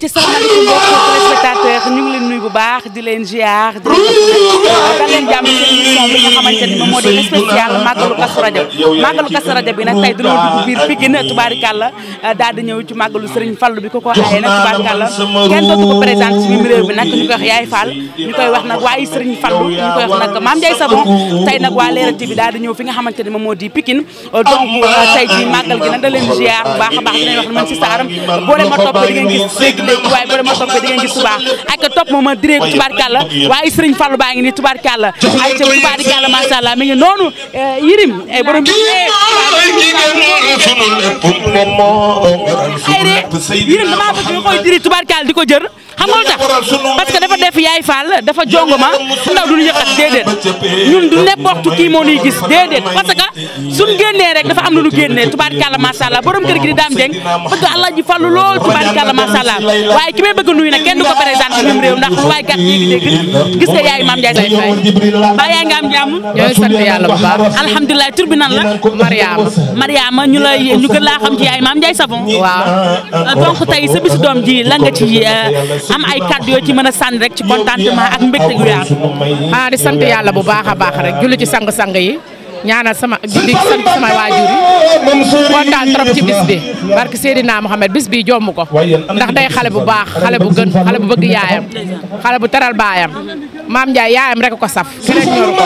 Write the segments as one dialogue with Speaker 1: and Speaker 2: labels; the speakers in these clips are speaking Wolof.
Speaker 1: ci sama mbokku téléspectateur ñu leen nuyu bu baax di leen ziar di leen jàmm moo di spécial màggalu Kazu Rajab màggalu Kazu Rajab bi nag tey dañoo dugg biir Pikine tubaarikàlla daal di ñëw ci màggalu Serigne Fallou bi ko ko aaye nag tubaarikàlla kenn dootu ko présenté ci biir réew Yaay Fall ñu koy wax nag waaye Serigne Fallou ñu koy wax nag Mame Ndiaye Savon tey nag waa Leral TV bi daal di ñëw fi nga xamante ni moom moo di Pikine donc tey ji màggal gi nag da leen baax a baax di wax ne man si saaram boole ma topp di ngeen dégg waaye bu ma toppee di ngeen gis Touba ak topp ma ma diree tubaarkàlla waaye Serigne Fallou baa ngi nii tubaarkàlla ay ca tubaarkàlla macha allah mi ngi noonu yirim ay borom bi ay de yirim damaa bëgg nga koy diri tubaarkàlla di ko jër xam nga def yaay Fall dafa jongo ma su ndaw duñu yëkkat déedéet ñun du n'importe qui moo nuy gis déedéet parce que suñ génnee rek dafa am lu ñu génnee tubaarkàlla macha allah borom kër gi di daam jeng bëgg allah ji fallu lool tubaarkàlla macha allah waaye ki bëgg nuyu nag kenn du ko présenté mim réew ndax lu waay gàtt yéegi dégg gis nga yaay maam Ndiaye Saye mbaa yaa am jàmm ñooy sant yàlla bu baax alhamdulilah waaw euh, donc tey sa bisu doom ji la ci euh, am ay kàddu ci mën a sànni rek ci contentement ak mbégte gu yaatu di sant yàlla bu baax a baax rek julli ci sang-sang yi ñaanal sama di sant sama waajur yi kontaan trop ci bis bi barke Seydina Mohamed bis bi jomb ko ndax day xale bu baax xale bu gën xale bu bëgg yaayam xale bu teral baayam maam Ndiaye yaayam rek ko saf keneen ñor ko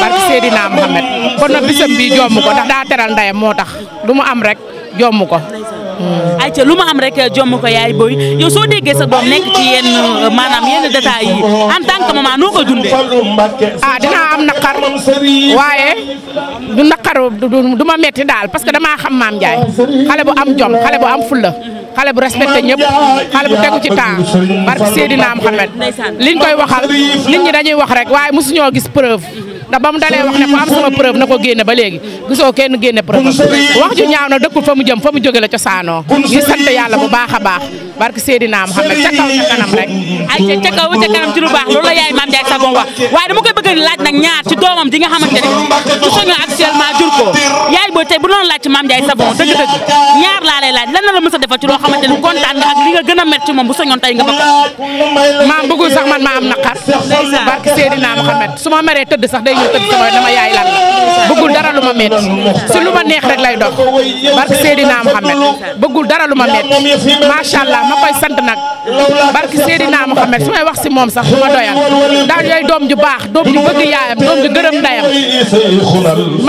Speaker 1: barke Seydina Mohamed kon nag bisam bi jomb ko ndax daa teral ndeyam moo tax du mu am rek jomb ko ayca lu ma am rek jomm ko yaay boy yow soo déggee sa doom nekk ci yenn euh, maanaam yenn détails yi en tant que maman noo ko dundee. ah dinaa am naqar waaye du naqar du ma metti daal parce que damaa xam maam Ndiaye xale bu am jom xale bu am fulla xale bu respecté ñëpp xale bu tegu ci temps barke Seydina Mouhamed liñ koy waxal nit ñi dañuy wax rek waaye mosuñoo gis preuve. ndax mu dalee wax ne ko am sama na ko génne ba léegi gisoo kenn génne preuve wax ju ñaaw na dëkkul fa mu jëm fa mu jóge la cosaanoo ñu sant yàlla bu baax a baax barke Seydina Muhammad ca kaw ca kanam rek ay ca kaw ca baax loolu la yaay maam Ndiaye Savon wax waaye di nga ko yaay booy bu doon laaj ci maam Ndiaye Savon dëgg-dëgg ñaar laa lay laaj lan na la mës a defal ci loo xamante ne kontaan nga ak li a métti ci moom bu soñoon tey nga ba maam bëggul sax man ma na naqar barke Seydina Muhammad su ma meree tëdd sax ma tëdd sama dama yaay lan bëggul dara lu ma metti si lu ma neex rek lay dox barke Seydina Mohamed bëggul dara lu ma metti macha allah ma koy sant nag barke Seydina Mohamed su may wax si moom sax du ma doyal daal yooyu doom ju baax doom ju bëgg yaayam doom ju gërëm ndayam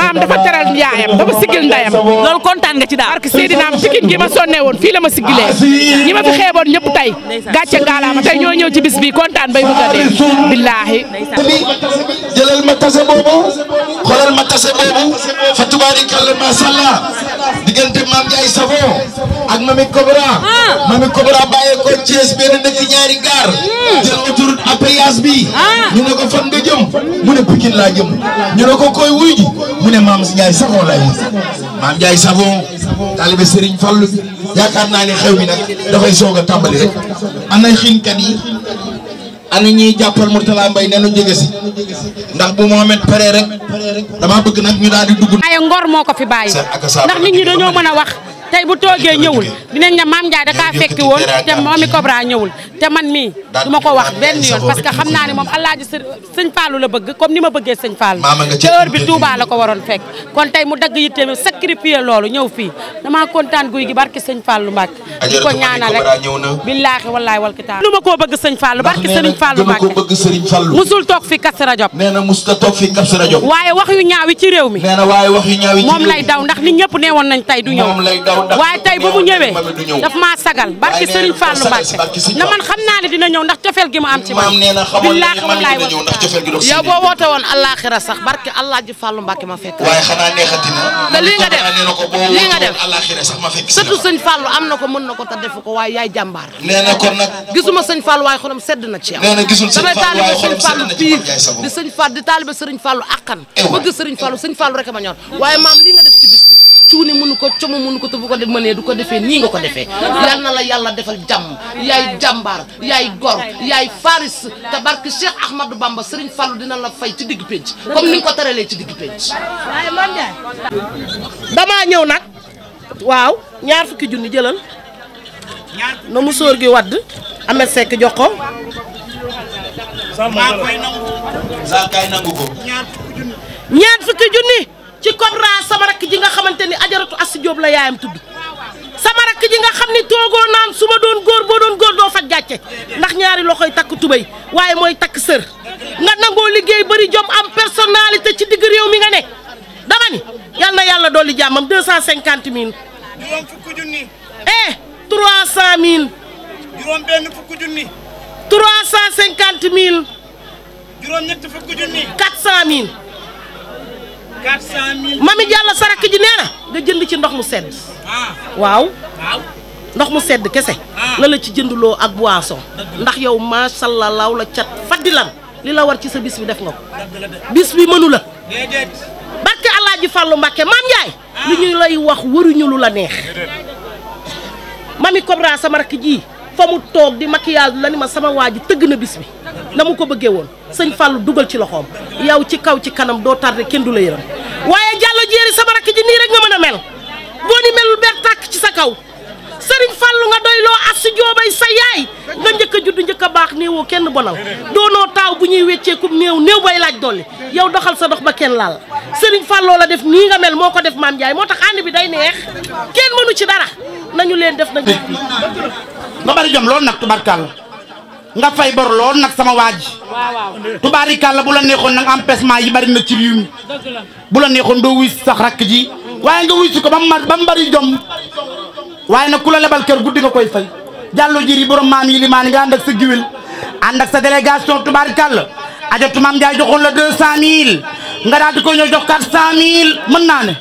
Speaker 1: maam dafa teral yaayam dafa sigil ndayam loolu kontaan nga ci daal barke Seydina am pikin gi ma sonnee woon fii la ma sigilee ñi ma fi xeeboon ñëpp tey gàcce gaalaama tey ñoo ñëw ci bis bi kontaan bay bëgg a dee billaahi jëlal ma tas tase boobu xoolal ma tase boobu fa tubaarikàlla macha allah diggante maam Ndiaye Savon ak mami Cobra ah. mami Cobra bàyyeekoo Thiès benn dëkk ñaari gaar hmm. jël autoroute à péage bi ah. ñu ne ko fan nga jëm mu ne Pikine laa jëm ñu ne ko koy wuy ji mu ne maam Ndiaye Savon lay maam Ndiaye Savon taalibe Serigne Fallou yaakaar naa ne xew mi nag dafay soog a tàmbali rek ana xiinkat yi. ana ñiy jàppal Mourtala Mbaye nee na jóge si ndax bu Mohamed paree rek dama bëgg nag ñu daal di dugg. waaye ngor moo ko fi bàyyi. ndax nit ñi dañoo mën a wax. tey bu toogee ñëwul dinañ ne maam Ndiaye da kaa fekki woon te moomi Cobra ñëwul te man mii du ko wax benn yoon parce que xam naa ne moom alaaji sëñ Fallou la bëgg comme ni ma bëggee sëñ Fallou te heure bi Touba la ko waroon fekk kon tey mu dagg yitteem sacrifier loolu ñëw fii damaa kontaan guy gi barki sëñ Fallou Mbacke di ko ñaanal rek billaahi wallaahi wal kitaab lu ma koo bëgg sëñ Fallou barki sëriñ Fallou Mbacke musul toog fi Kazu Rajab nee na waaye wax yu ñaaw na waaye wax yu woon nañ tey du ñëw waaye tey bu mu ñëwee daf maa sagal barki Serigne Fallou Mbacke na man xam naa ne dina ñëw ndax cofeel gi ma am ci man billaahi wallaahi yow boo woote woon àllaaxira sax barki allah ji Fallou ma fekk waaye na te ma sëñ Fallou am na ko mën na ko te defu ko waaye yaay jàmbaar nee na kon nag gisuma sëñ Fallou waaye xolam sedd na ci yow nee na gisul sëñ Fallou waaye xolam sedd na ci di sëñ Fallou di taalibe sëriñ Fallou akkan eh bëgg sëriñ Fallou sëñ Fallou rek ma ñor eh. waaye maam lii cuuni mënu ko como mënu ko te bu ko def mënee du ko defee nii nga ko defee yal na la yàlla defal jàmm yaay jàmbaar yaay gor yaay faaris te barke Cheikh Ahmadou Bamba Serigne Fallou dina la fay ci diggu pénc comme ni nga ko teralee ci digg pénc damaa ñëw nag waaw ñaar fukki junni jëlal na mu sóor gi wadd amet sekk jox ko ñaar fukki junni ci Cobra sama rakk ji nga xamante ni ajaratu Assi Diop la yaayam tudd sama ji nga xam ni toogoo naan suma doon góor boo doon góor doo faj gàcce ndax ñaari loxoy takk tubéy waaye mooy takk sër nga nangoo liggéey bëri jom am personnalité ci digg réew mi nga ne dama ni yal na yàlla dolli jàmmam deux cent cinquante mille juróom fukki junni eh trois cent mille juróom benn fukki junni trois cent cinquante mille juróom ñett fukki junni quatre cent mille mami Diallo sarak ji nee na nga jënd ci ndox mu sedd ah. waaw ndox mu sedd kese ah. la la ci jënduloo ak boisson ndax yow macha law la cat faddilan li la war ci sa bis bi def nga ko bis bi mënu la barke Alaaji Fàllu Mbàkke maam Njaay ah. li ñu lay wax waruñu lu la neex mami Kobra sama rakk ji fa mu toog di maquillage la ni ma sama waa ji tëgg na bis bi na mu ko bëggee woon sëñ Fallou dugal ci loxoom yow ci kaw ci kanam doo tardé kenn du la yëram waaye Diallo Diéry sama rakk ji nii rek nga mën a mel boo ni melul ber tàkk ci sa kaw sëriñ Fallou nga doy loo as si joobay sa yaay nga njëkk a judd njëkk a baax néewoo kenn bonal doonoo taaw bu ñuy wecceeku néew néew bay laaj dolli yow doxal sa dox ba kenn laal sëriñ Fallou la def nii nga mel moo ko def maam Ndiaye moo tax ànd bi day neex kenn mënu ci dara nañu leen def nañu. ba bari loolu nag tubarkàlla nga fay bor lool nag sama waa ji. kalla bu la neexoon nag empêchement yi bari na ci réew bu la neexoon doo wuy sax rakk ji waaye nga wuy si ko ba mu ba mu bari jom waaye na ku la lebal kër guddi nga koy fay. jàllo jiri borom maam yi limaani nga ànd ak sa giwil ànd ak sa délégation tubaarikàlla ajatu maam Njaay joxoon la deux cent mille nga daal di koy ñëw jox quatre cent mille mën naa ne.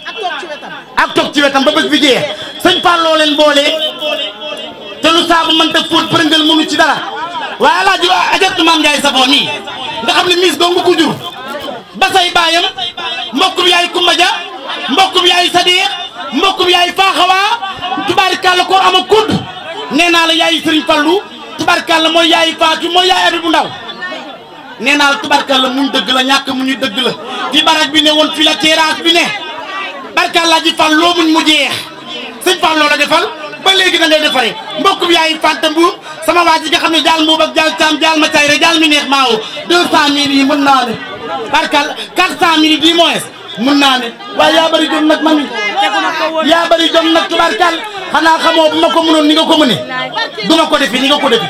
Speaker 1: ak toog ci wetam ba bëgg bi jeex sëñ Fall loo leen boole te lu saabu mënta fóot përëngal mënu ci dara. waa alaaji ajatu maam Ndiaye Savon mii nga xam ne miis dong ko jur ba say baayam mbokkum yaay Kumba Ja mbokkum yaay Sadiq mbokkum yaay Faaxawa tubaarikàlla koor ama kudd nee naa la yaay Sëriñ Fallu tubaarikàlla mooy yaay Faatu mooy yaay abi bu ndaw nee naa la tubaarikàlla muñ dëgg la ñàkk mu dëgg la fi barak bi ne woon fi la bi ne barkàllaa ji Fall loo muñ mu jeex sëñ Fall loo la defal ba léegi da ngay defaree mbokkum yaay Fanta Mbour sama waa ji nga xam ne jaal Mbuub ak jaal Caam jaal ma Cayre jaal mi neex maawo deux cent yi mën naa ne barkal quatre cent mille di moins mën naa ne waaye yaa bari jom nag ma mami yaa bëri jom nag tubarkal xanaa xamoo bu ma ko mënoon ni nga ko mëne du ma ko defee ni nga ko defi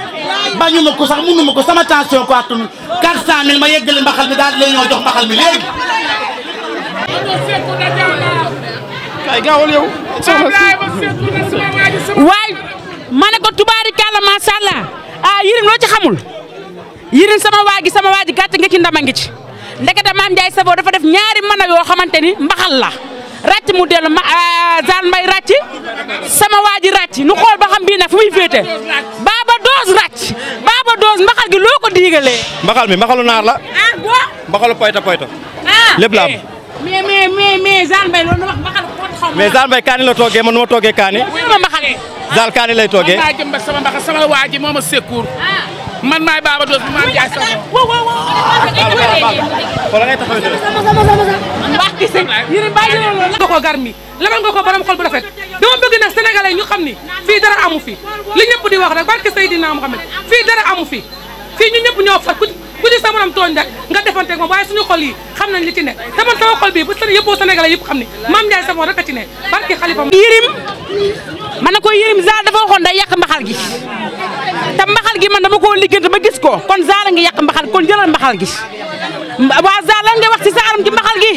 Speaker 1: bañu ma ko sax mënu ma ko sama tension ko attul quatre cent mille ma yeggale mbaxal mi daal di lay ñoo jox mbaxal mi léegi kay gaawal yow. waay ma ne ko tubaari kàlla macha allah ah Yirim loo ci xamul Yirim sama waa gi sama waa ji gàtt ndama ngi ci ndekete maam Ndiaye Savon dafa def ñaari mana yoo xamante ni mbaxal la ràcc mu dellu ma ah, Zane Mbaye ràcc sama waa ji ràcc nu xool ba bii nag muy féete baaba doos ràcc baaba doos mbaxal gi loo ko diigalee. mbaxal mi mbaxalu naar la. ah boo. mbaxalu poyta ah, la mais mais mais mais Zale Mbaye loolu wax mbaxal ko ma. mais Zale kaani la toogee man nu ma toogee kaani. ma mbaxalee. lay toogee. man maa jëm ba sama mbaxa sama waa ji moo ma man maay Baba Doos bi maam jaay sama. waaw waaw waaw. wala ngay taxaw de. mbaax gi la loolu nga ko garmi lamal xol bu rafet dama bëgg nag sénégalais ñu xam ni fii dara amu fi li ñëpp di wax rek barke Seydina Mohamed fii dara amu fi fii ñu ñëpp ñoo far ku ku ci sa morom tooñ rek nga defante moom waaye suñu xol yi xam nañ li ci ne te man sama xol bii bu seen yëppoo sénégalais yëpp xam ne Mame Ndiaye Savon rek a ci ne barki xalifa yërim man na ko yërim Zaa dafa waxoon day yàq mbaxal gi te mbaxal gi man dama koo liggéeyante ba gis ko kon Zaa la nga yàq mbaxal kon jëlal mbaxal gi waa Zaa lan ngay wax ci sa aram ci mbaxal gi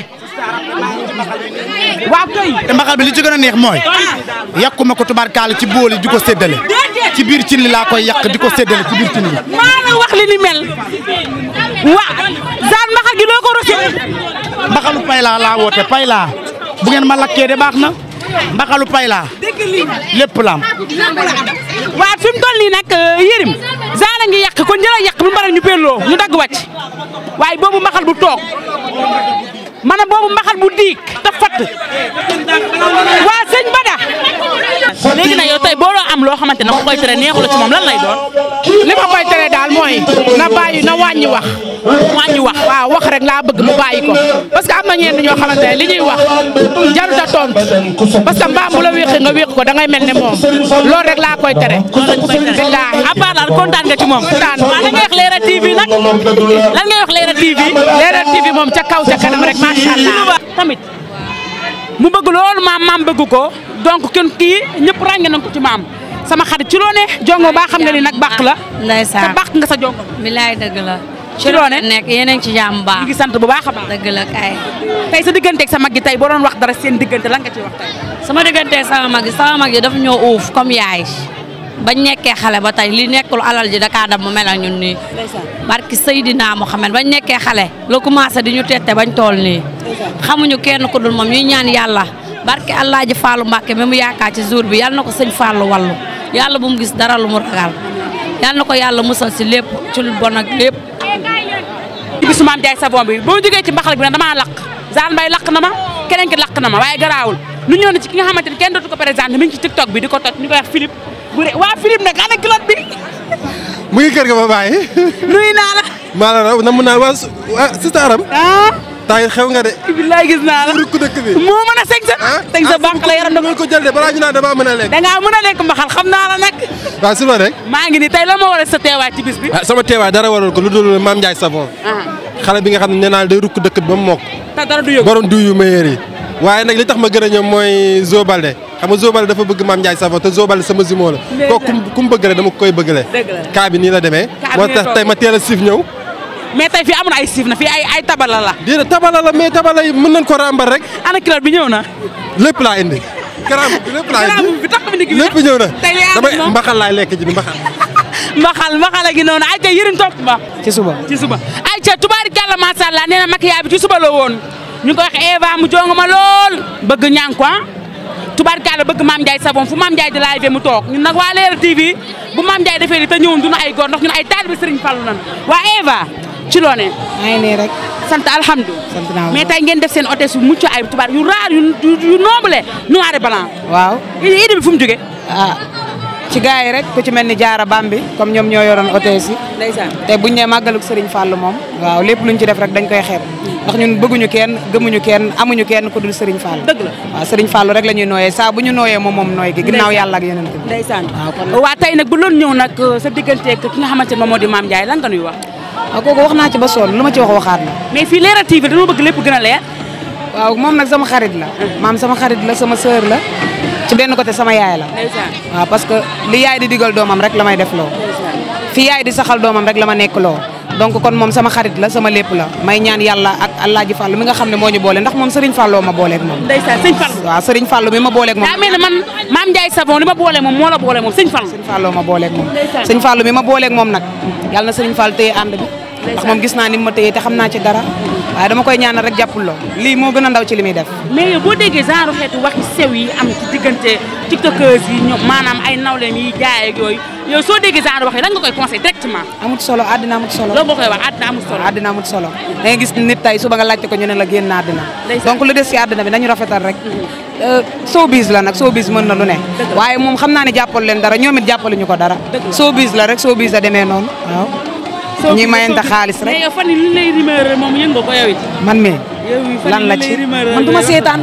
Speaker 1: waaw kay te mbaxal bi li ci gën a neex mooy yàquma ko tubaarkaal ci booli di ko séddale ci biir cin li laa koy yàq di ko séddale ci biir cin li li ni mel wa saan mbaxal gi doo ko rosi mbaxalu payla laa woote payla bu ngeen ma lakkee de baax na mbaxalu payla lépp laam waaw fi mu nii nag euh, yërim zaala ngi yàq kon njëla yàq mu bare ñu pelloo ñu dagg wàcc waaye boobu mbaxal bu toog mana boobu mbaxal bu diig te fatt waa sëñ Bada daal léegi nag yow tey boo doon am loo xamante ne ko koy tere ci moom lan lay doon. li ma koy daal mooy na bàyyi na wàññi wax. wàññi wax waaw wax rek laa bëgg mu bàyyi ko parce am na ñenn ñoo xamante ne li ñuy wax jarut a tontu parce mbaam bu la wéqi nga wéq ko da ngay mel ne moom loolu rek laa koy tere. billaahi à part daal kontaan nga ci moom. kontaan waaw lan ngay wax Leral TV nag lan moom ca kaw ca kanam rek macha allah. tamit mu bëgg loolu maam maam donc kenn kii ñëpp ràññee nañ ko ci maam sama xarit ci loo ne jongo baa xam nga ni nag baax la. ndeysaan te bàq nga sa jongo. bilaay dëgg la. ci loo ne nekk yeneen ci jàmm baax. ngi sant bu a baax. dëgg la kay. tey sa digganteeg sa mag gi tey boo doon wax dara seen diggante lan nga ciy wax tey. sama digganteeg sama mag gi sama mag gi dafa ñoo uuf comme yaay. bañ nekkee xale ba tey li nekkul alal ji dakaa dam mu mel ak ñun nii barki Seydina Muhammad bañ nekkee xale la commencé di ñu tette bañ tool nii xamuñu kenn ku dul moom ñuy ñaan yàlla barke Alaaji Faalu Mbàkke mi mu yaakaar ci jour bi yàlla na ko sëñ Faalu wallu yàlla bu mu gis dara lu mu ragal na ko yàlla musal si lépp ci lu bon ak lépp. ci bisu maam Ndiaye savon bi boo jógee ci mbaxal bi nag damaa lakk Zane Mbaye lakk na ma keneen ki lakk na ma waaye garaawul lu ñëw na ci ki nga xamante ni kenn dootu ko présenté mi ngi ci TikTok bi di ko toj ñu koy wax Philippe waa Philippe nag ana kilote bi. mu ngi ga ba bàyyi. nuyu naa la. ma la raw na mun naa waa sista Aram. Ah. tay xew nga de. bilaay gis naa la rukk dëkk bi moo mën a sëñ sa. sëñ ah? sa bànq la yaram dama ko jël de balaa ñu naan damaa mën a lekk. da ngaa mën a lekk mbaxal xam naa la nag. waaw su ma rek. maa ngi ni tey la ma waral sa teewaay ci bis bi. ah sama teewaay dara waral ko lu dul Mame Ndiaye Savon. Ah. xale bi nga xam ne nee naa day rukk dëkk bi ba mu mokk. te dara du yëg borom du yi. waaye nag li tax ma gën a ñëw mooy Zobalde xam nga Zobalde dafa bëgg Mame Ndiaye Savon te soobal sama jumeau la. ko kum bëgg la dama koy bëgg kaa bi nii la demee. moo tey ma a siif ñëw mais tey fii amul ay siif na fii ay ay tabala la. déedéet tabala la mais tabala yi mën nañ ko ràmbal rek. ana kilaat bi ñëw na. lépp laa indi. karaam bi lépp laa indi bi tax ñëw na. tey damay mbaxal laay lekk ji mbaxal. mbaxal mbaxal a gi noonu ay ca yëriñ topp ba. ci suba ci suba ay ca tubaari gàlla macha allah nee na makiyaa bi ci suba la ñu ko wax Eva mu jongo ma lool bëgg ñaan ah. ko tubaarkalla bëgg Mame Ndiaye Savon fu Mame Ndiaye di live mu toog ñun nag waa Leral bu Mame Ndiaye defee li te ñëwoon duñu ay góor ndax ñun ay taalibe Serigne Fallou nan waa Eva ci loone maa ngi rek. sant alhamdulilah sant naa mais tey ngeen def seen hôtesse yu mucc ayib tubaab yu raar yu yu noble noir et waaw idée bi fu mu jógee. ah ci gars yi rek ku ci mel ni jaara bam bi comme ñoom ñoo yoroon hôtesse yi. ndeysaan te buñu nee màggalug Serigne Fall moom. waaw lépp luñ ci def rek dañ koy xeeb. ndax ñun bëgguñu kenn gëmuñu kenn amuñu kenn ku dul Serigne Fall. dëgg la waaw Serigne Fall rek la ñuy nooyee saa bu ñu nooyee moom moom nooy gi. ginnaaw yàlla ak yeneen. ndeysaan waaw kon. waa tey nag bu loon ñëw nag euh, sa digganteeg ki nga xamante ne moo di Mame Ndiaye lan nga wax waaw kooku wax naa ci ba sool lu ma ci wax waxaat na. mais fii Leral TV dañoo bëgg lépp gën a leer. waaw moom nag sama xarit la. maam sama xarit la sama sœur la. ci benn côté sama yaay la. waaw parce que li yaay di digal doomam rek la may def loo. fi yaay di saxal doomam rek la ma nekk loo. donc kon moom sama xarit la sama lépp la may ñaan yàlla ak Alaaji Fàllu mi nga xam ne moo ñu boole ndax moom Serigne Fàlloo ma booleeg moom. ndeysaan Serigne Fàllu waaw Serigne Fàllu mi ma booleeg moom. daa mel ne man maam Ndiaye Savon li ma booleeg moom moo la booleeg moom Serigne Fàllu. Serigne Fàlloo ma booleeg moom. ndeysaan Serigne Fàllu mi ma booleeg moom nag yàlla na Serigne Fàllu téye ànd bi ndax moom gis naa ni ma téye te xam naa ci dara waaye dama koy ñaanal rek jàppul loo lii moo gën a ndaw ci li muy def mais yow boo déggee genre xeetu waxi sew yi am ci diggante tiktokers yi ñoom maanaam ay nawleem yi jaay yooyu soo déggee genre wax yi lan nga koy conseil directement amut solo àddina amut solo loolu nga koy wax àddina amut solo àddina amut solo da nga gis nit tey suba nga laajte ko ñu ne la génn na àddina donc lu des si addina bi dañu rafetal rek euh, showbiz la nag showbiz mën na lu ne waaye moom xam naa ne jàppal leen dara ñoom it jàppaluñu ko dara showbiz la rek showbiz la demee noonu waaw ñi mayante xaalis rek. mais yow fan yii lay rumeur moom yëg nga yow it. man me lan la ci man du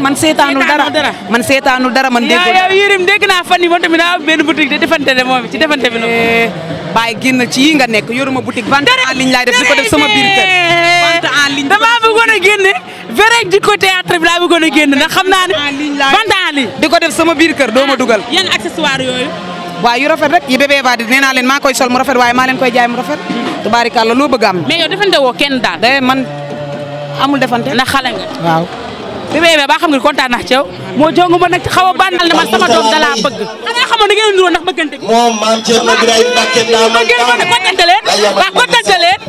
Speaker 1: man seetaanul dara. man seetaanul dara man dégg. yow Yérim dégg naa fan yii moom tamit daa am benn boutique de defante ne moom ci defante bi la. Eh, bàyyi génn ci yi nga nekk yoruma boutique vente en ligne laay def di ko def sama biir kër. vente en ligne damaa bëggoon a génne. ko a génne ndax xam naa ne. en ligne laay vente di ko def sama biir kër doo ma ah, dugal. yan accessoires yooyu. waaw yu rafet rek yi bébé Eva di nee naa leen maa koy sol mu rafet waaye maa leen koy jaay mu rafet tubaarikàlla loo bëgg am mais yow defante woo kenn daal day eh, man amul defante ndax xale nga waaw bébé Eva baa xam nga kontaan naa ci yow moo jongu ma na xaw a bànnal ne man sama doom dalaa bëgg xanaa xamoon da ngeen nuroo na bëggante gi moom maam Thierno Birahim Mbacké daa man gën kontante leen waaw kontante leen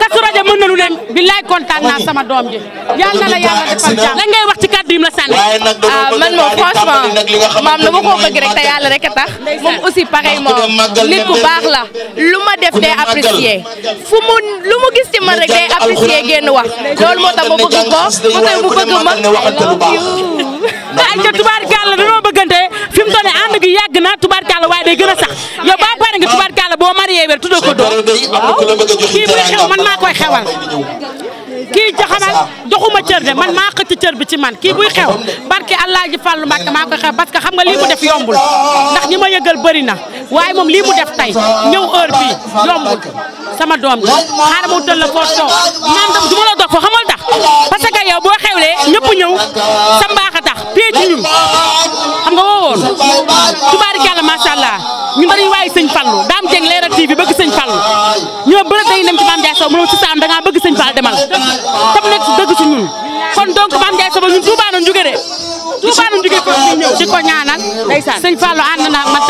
Speaker 1: Kazu Radio mën na lu ne billaay kontaan naa sama doom ji yàlla na la yàlla defal jàmm la ngay wax kàddu yi mu la sànni. Ah, man moom franchement maam dama ko bëgg rek te yàlla rek a tax moom aussi pareillement nit ku baax la lu ma def day apprécier fu mu lu mu gis ci man rek day apprécier génn wax loolu moo tax ma bëgg ko mu tey mu bëgg ma ayca tubaarkàlla dañoo bëggante fi mu toll ànd gi yàgg na tubaarkàlla waaye day gën a sax yow ba pare nga tubaarkàlla boo marié wér tuddoo ko doom kii buy xew man maa koy xewal kii jaxabal joxuma cër de man maa xëcc cër bi ci man kii buy xew barke Alaaji Fàllu Mbàkke maa koy xew parce xam nga lii mu def yombul ndax ñi ma yëgal bëri na waaye moom lii mu def tey ñëw heure bii yombul sama doom ji ma wutal la foo toog naan du ma la dox foo xamal tax parce que yow boo xewlee ñëpp ñëw sa mbaax a tax pee ci ñun xam nga woo woon tubaarikàlla macha allah ñun dañuy waaye sëñ Fallou daam jeng leeral TV bëgg sëñ Fallou ñoo bëri Sow mu ne si saam da ngaa bëgg sëñ Fall demal tam nekk dëgg si ñun kon donc Mame Ndiaye Sow ñun Touba nañ de Touba nañ jóge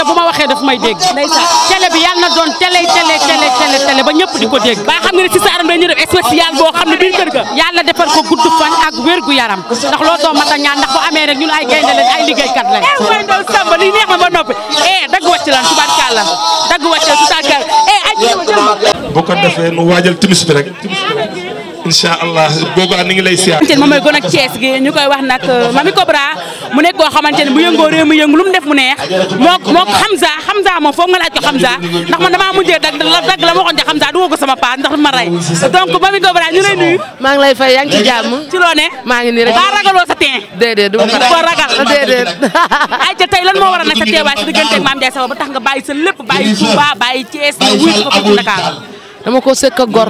Speaker 1: ko ma waxee daf may dégg ndeysaan télé bi yàlla na doon télé télé télé télé télé ba ñëpp di ko dégg ba xam nga ne si saaram dañuy def spécial boo xam ne biir kër ga yàlla defal ko gudd fan ak wér gu yaram ndax loo doo mat a ñaan ndax bu amee rek ñun ay gaynde lañ ay liggéeykat lañ mooy eh, ndaw Samba li neex ba noppi eh dagg wàcc lan tubaarkàlla dagg wàcc tubaarkàlla eh bu ko defee nu waajal timis bi rek. incha allah googu ni ngi lay siyaar. moom mooy gone ak Thiès gi ñu koy wax nag euh, Mamy Cobra mu ne bu yëngoo réew mi yëngu lu mu def mu neex moo moo Hamza Hamza moom foog nga laaj ko ndax man damaa mujjee dag la dag la ma waxoon ci Hamza du ko sama paas ndax ma rey donc Mamy Cobra ñu lay nuyu. maa ngi lay fay yaa ngi ci jàmm. ci loo ne. ngi nii rek baa ragaloo teen. déedéet du ma ko ragal ay ca tey lan moo waral nag sa ba sa lépp dama ko sekk ak gor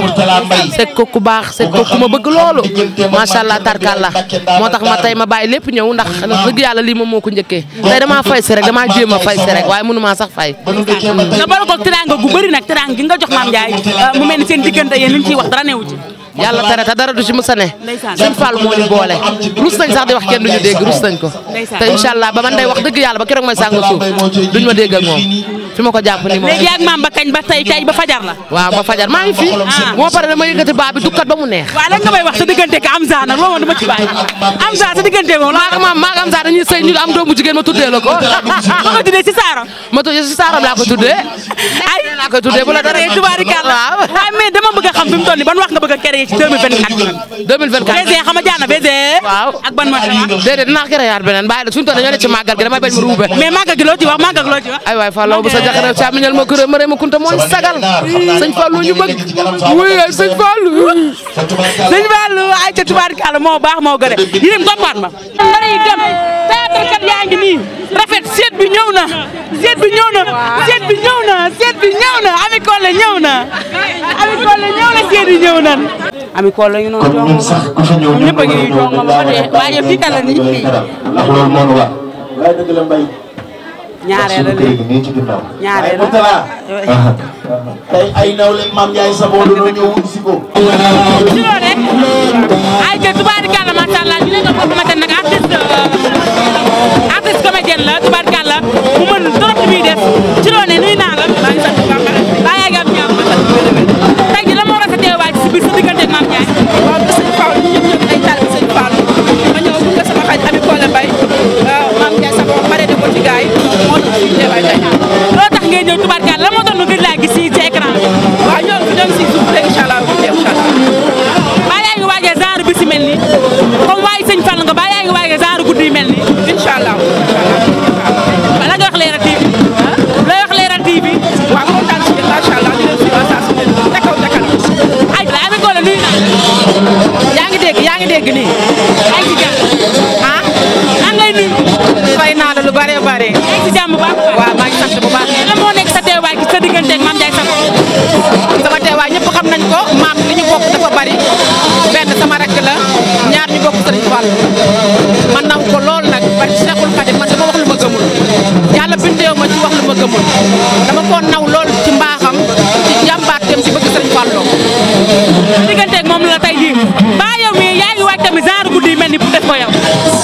Speaker 1: sekk ko ku baax sekk ko ku ma bëgg loolu macha allah tarkalla moo tax ma tey ma bàyyi lépp ñëw ndax dëgg yàlla lii moom moo ko njëkkee tey damaa fay si rek damaa jéem a fay si waaye mënu maa sax fay. nga boole ko teraanga gu bëri nag teraanga gi nga jox maam Ndiaye mu mel ni seen diggante yéen li ñu ciy wax dara yàlla tere te dara du ci musa ne suñ Fall moo ñu boole rus nañ sax di wax kenn duñu dégg rus nañ ko te incha ba man day wax dëgg yàlla ba keroog may sànga suuf duñu ma dégg ak fi ma ko jàpp ni moom léegi ak maam ba kañ ba tey tey ba fajar la waaw ba fajar maa ngi fi moo ah. pare dama yëkkati baa bi dukkat ba neex waaw lan nga sa diggante ak Amza nag loolu moom dama ci bàyyi Amza maa ak maam maa ak Amza dañuy sëy am doomu jigéen ma tuddee la ko ma tuddee si saaram ma tuddee si saaram laa ko tuddee ay xam fi mu toll nii ban wax nga bëgg a créer ci 2024. 2024 BG xam nga jaar na BG. waaw ak ban ma semence. déedéet dinaa beneen bàyyi la suñu toll dañoo ne ci màggal gi damay ma kunta mooy sagal. sëñ Fallou ñu bëgg. wuy sëñ Fallou. sëñ Fallou ay ca tubaarkàlla moo baax moo gën a yéen comprendre ma. ndara yi dem théâtre kat yaa ngi nii rafet seet bi ñëw na seet bi ñëw na seet bi ñëw na seet bi ñëw na la seeni ñëw nan ami kool la ñu noonu jox sax ku fa ñëw ñëpp a ngi jox ma ba dee waaye fii kala ni fii ndax loolu moo nu war waaye dëgg la mbay ñaareel la léegi nii ci ginnaaw ñaareel la ah. tey ay naw leen maam yaay saboo dañoo ñëw wut si ko ci loolu ay jël tubaarikàlla macha allah ñu ne nga ko xamante nag artiste artiste comédienne la tubaarikàlla mu mën mbokk naw ko lool nag bari Seexul Xadim man dama wax lu ma gëmul yàlla bindeew ma ci wax lu ma gëmul dama ko naw lool ci mbaaxam ci jàmbaarteem ci bëgg sëriñ Fall loo sa digganteeg moom la tey jii ba yow mi yaa ngi waaj tamit genre guddi yi mel ni bu def ko yow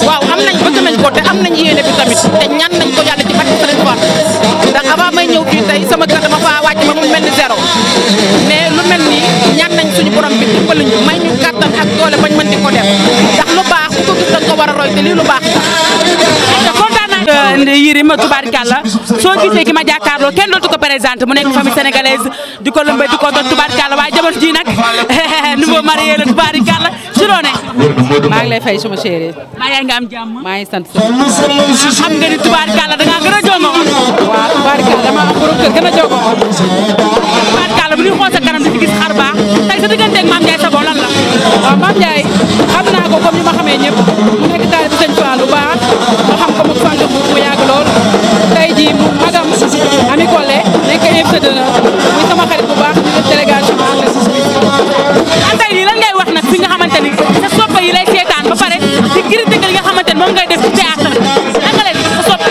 Speaker 1: waaw am nañ bëgg nañ ko te am nañ yéene a tamit te ñaan nañ ko yàlla ci barke sëriñ Fall ndax avant may ñëw fii tey sama kër dama faa wàcc ma mu mel ni zéro mais lu mel nii ñaan nañ suñu borom doole bañ mën di ko def ndax lu baax ku ko gis da nga ko war a roy te lii lu baax Yirima tubaarkàlla soo gisee ki ma jàkkaarloo kenn dootu ko présenté mu nekk famille sénégalaise di ko lëmbe di ko doon tubaarkàlla waaye jamono ji nag nouveau marié la tubaarkàlla ci loo ne maa ngi lay fay suma chéri maa yaa ngi am jàmm maa ngi sant xam nga ni tubaarkàlla da ngaa gën a jongo waaw tubaarkàlla dama am borom kër gën a jongo tubaarkàlla bu ñu xool sa waaw Mame Ndiaye naa ko comme ni ma xamee ñëpp mu nekk taal bi sëñ Fall bu baax ma xam ko mu fànn bu mu yàgg lool tey jii mu magam Ami Collé nekk invité d'honneur xarit bu baax di def délégation bu ànd lay seetaan ba pare di critique li nga xamante ni moom ngay def ci théâtre naka leen sa soppa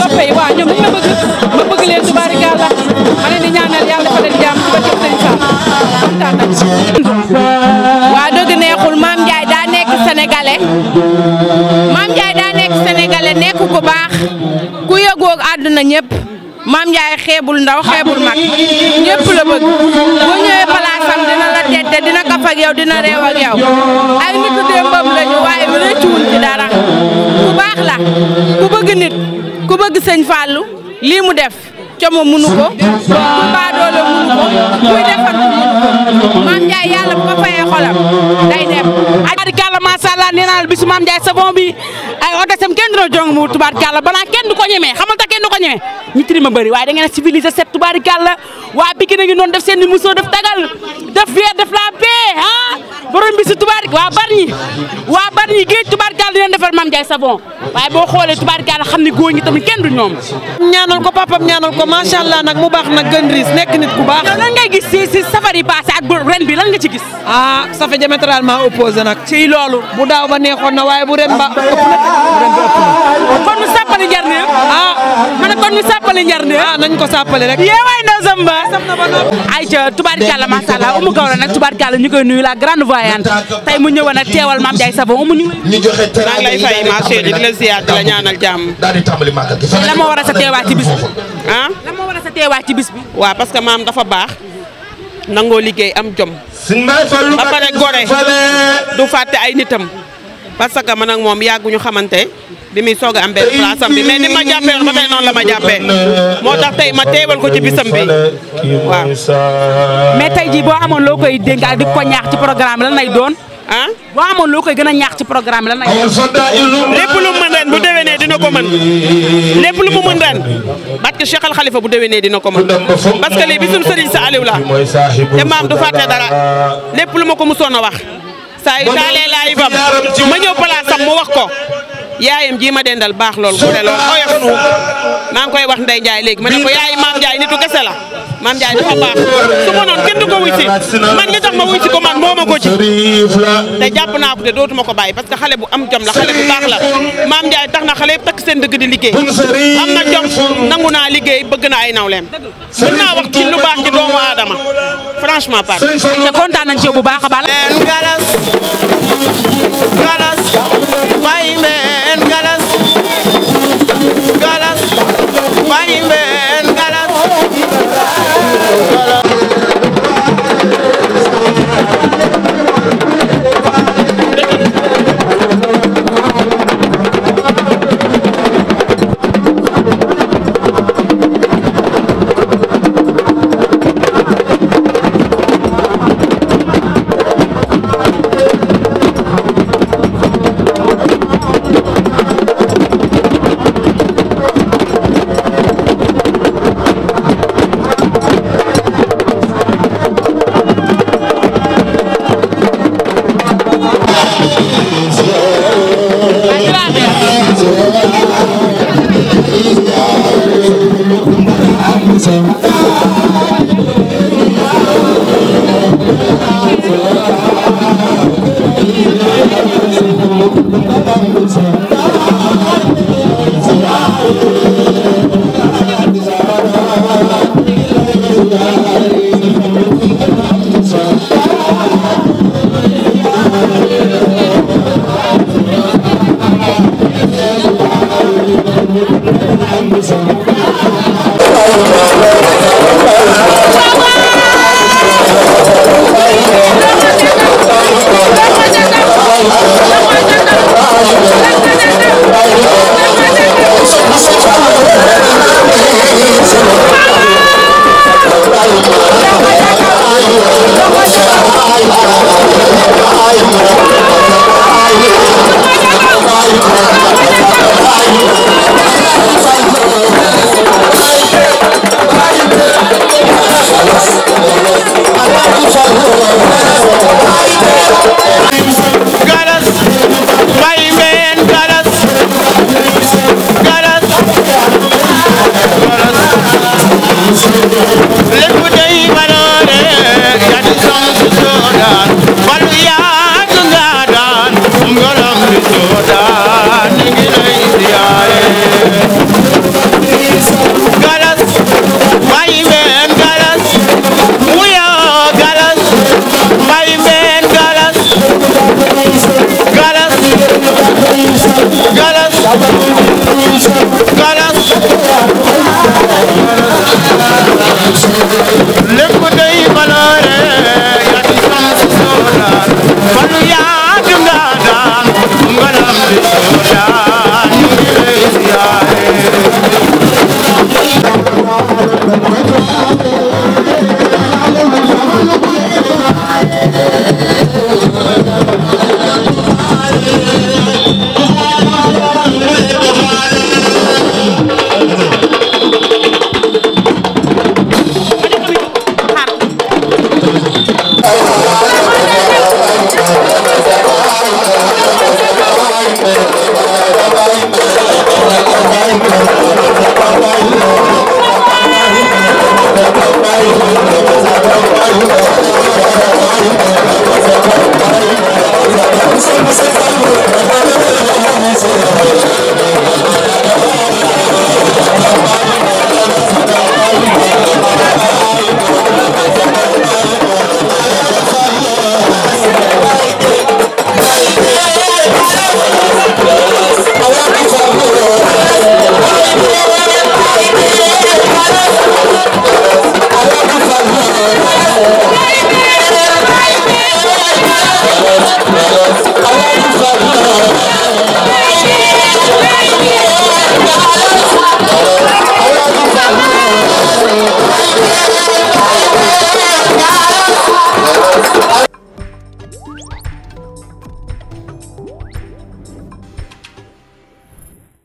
Speaker 1: soppe ñoom li ma bëgg ma bëgg leen tubaarikàlla ma leen di ñaanal yàlla dafa leen jàmm ci ba ci sëñ Fall kontaan nañ sénégalais Mame Ndiaye nekk sénégalais nekk ku baax ku yëgoog àdduna ñëpp Mame Ndiaye xeebul ndaw xeebul mag ñëpp la bëgg palaasam dina la tette dina kaf ak dina réew ak ay nitu démbam lañu waaye rëccuwul ci dara ku baax la ku bëgg nit ku bëgg sëñ Fallou lii mu def como munu ko ku baadoolo munu ko kuy defar maam Ndiaye yàlla bu ko fayee xolam day dem. ak kàlla macha naa la bisu maam Ndiaye savon bi ay moom kenn dina jong mu tubaar kàlla balaa kenn du ko ñemee xamal kenn du ko ñemee ñi ma bëri waaye da ngeen a civilisé set tubaar waa Pikine a ngi def seen i def tagal def weer def la paix ah borom bi si tubaar waa Bargny waa Bargny géej tubaar kàlla di leen defar Mame Ndiaye Savon waaye boo xoolee tubaar kàlla xam ne góor ñi kenn du ñoom. ñaanal ko papam ñaanal ko macha allah mu baax nag gën nekk nit ku baax. lan nga gis. ah kon ñu sàppali njar ne ah ma ne kon ñu sàppali njar ah nañ ko sàppali rek yee waay ndaw Samba ay ca tubaarkàlla macha allah umu gawla nag tubaarkàlla ñu koy nuyu la grande voyante tey mu ñëwoon ak teewal Mame Ndiaye Savon umu ñu ngi lay fay la ñaanal jàmm la a la moo war a sa teewaay ci bis bi waa parce que maam dafa baax nangoo liggéey am jom ba pare gore du fàtte ay nitam parce que man ak moom yàgguñu xamante bi muy soog a am benn place am bi mais ni ma jàppee woon ba tey noonu la ma jàppee moo tax tey ma teewal ko ci bisam bi waaw. mais tey jii boo amoon loo koy di ko ñaax ci programme lan lay doon. ah boo amoon loo koy gën a ñaax ci programme lan lay doon. lépp lu mu mën ren bu déwénee dina ko mën lépp lu mu mën ren parce que Cheikh Al bu déwénee dina ko mën parce que lii bisum Serigne Sa Aliou la te maam du fàtte dara lépp lu ma ko musoon a wax. sa yu taalee ma ñëw place am wax ko. yaayam ji ma dendal baax lool ku ne lool oyof nu maa ngi koy wax Ndeye Ndiaye léegi ma ne ko yaay maam Ndiaye nitu kese la maam Ndiaye dafa baax su noon kenn du ko wuy si man li tax ma ko man moo ko ci te jàpp naa ko te dootuma ko bàyyi parce que xale bu am jom la xale bu baax la maam Ndiaye tax na xale yëpp takk seen dëgg di liggéey am na jom nangu naa liggéey bëgg na ay nawleem mën naa wax ci lu baax ci doomu aadama franchement par te kontaan nañ ci bu baax a baax